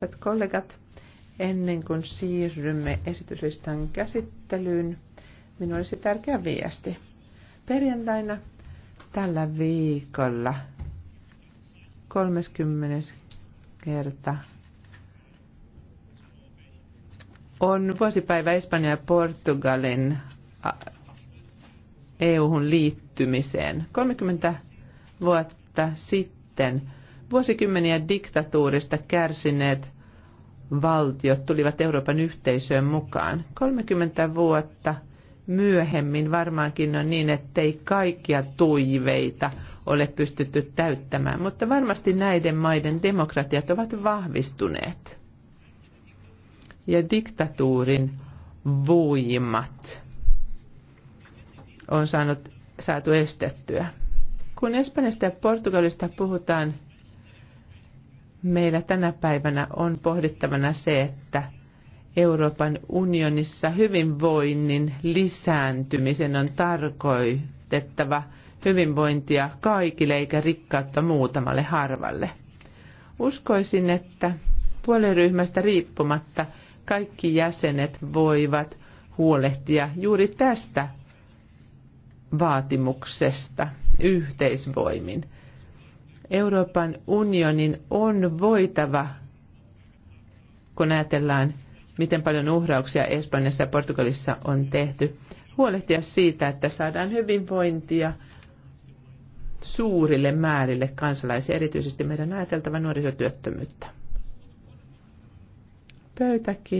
Hyvät kollegat, ennen kuin siirrymme esityslistan käsittelyyn, minulla olisi tärkeä viesti. Perjantaina tällä viikolla 30. kerta on vuosipäivä Espanjan ja Portugalin EU-hun liittymiseen. 30 vuotta sitten Vuosikymmeniä diktatuurista kärsineet valtiot tulivat Euroopan yhteisöön mukaan. 30 vuotta myöhemmin varmaankin on niin, ettei kaikkia tuiveita ole pystytty täyttämään, mutta varmasti näiden maiden demokratiat ovat vahvistuneet. Ja diktatuurin voimat on saanut, saatu estettyä. Kun Espanjasta ja Portugalista puhutaan meillä tänä päivänä on pohdittavana se, että Euroopan unionissa hyvinvoinnin lisääntymisen on tarkoitettava hyvinvointia kaikille eikä rikkautta muutamalle harvalle. Uskoisin, että puoliryhmästä riippumatta kaikki jäsenet voivat huolehtia juuri tästä vaatimuksesta yhteisvoimin – Euroopan unionin on voitava, kun ajatellaan, miten paljon uhrauksia Espanjassa ja Portugalissa on tehty, huolehtia siitä, että saadaan hyvinvointia suurille määrille kansalaisia, erityisesti meidän ajateltava nuorisotyöttömyyttä. Pöytäkin.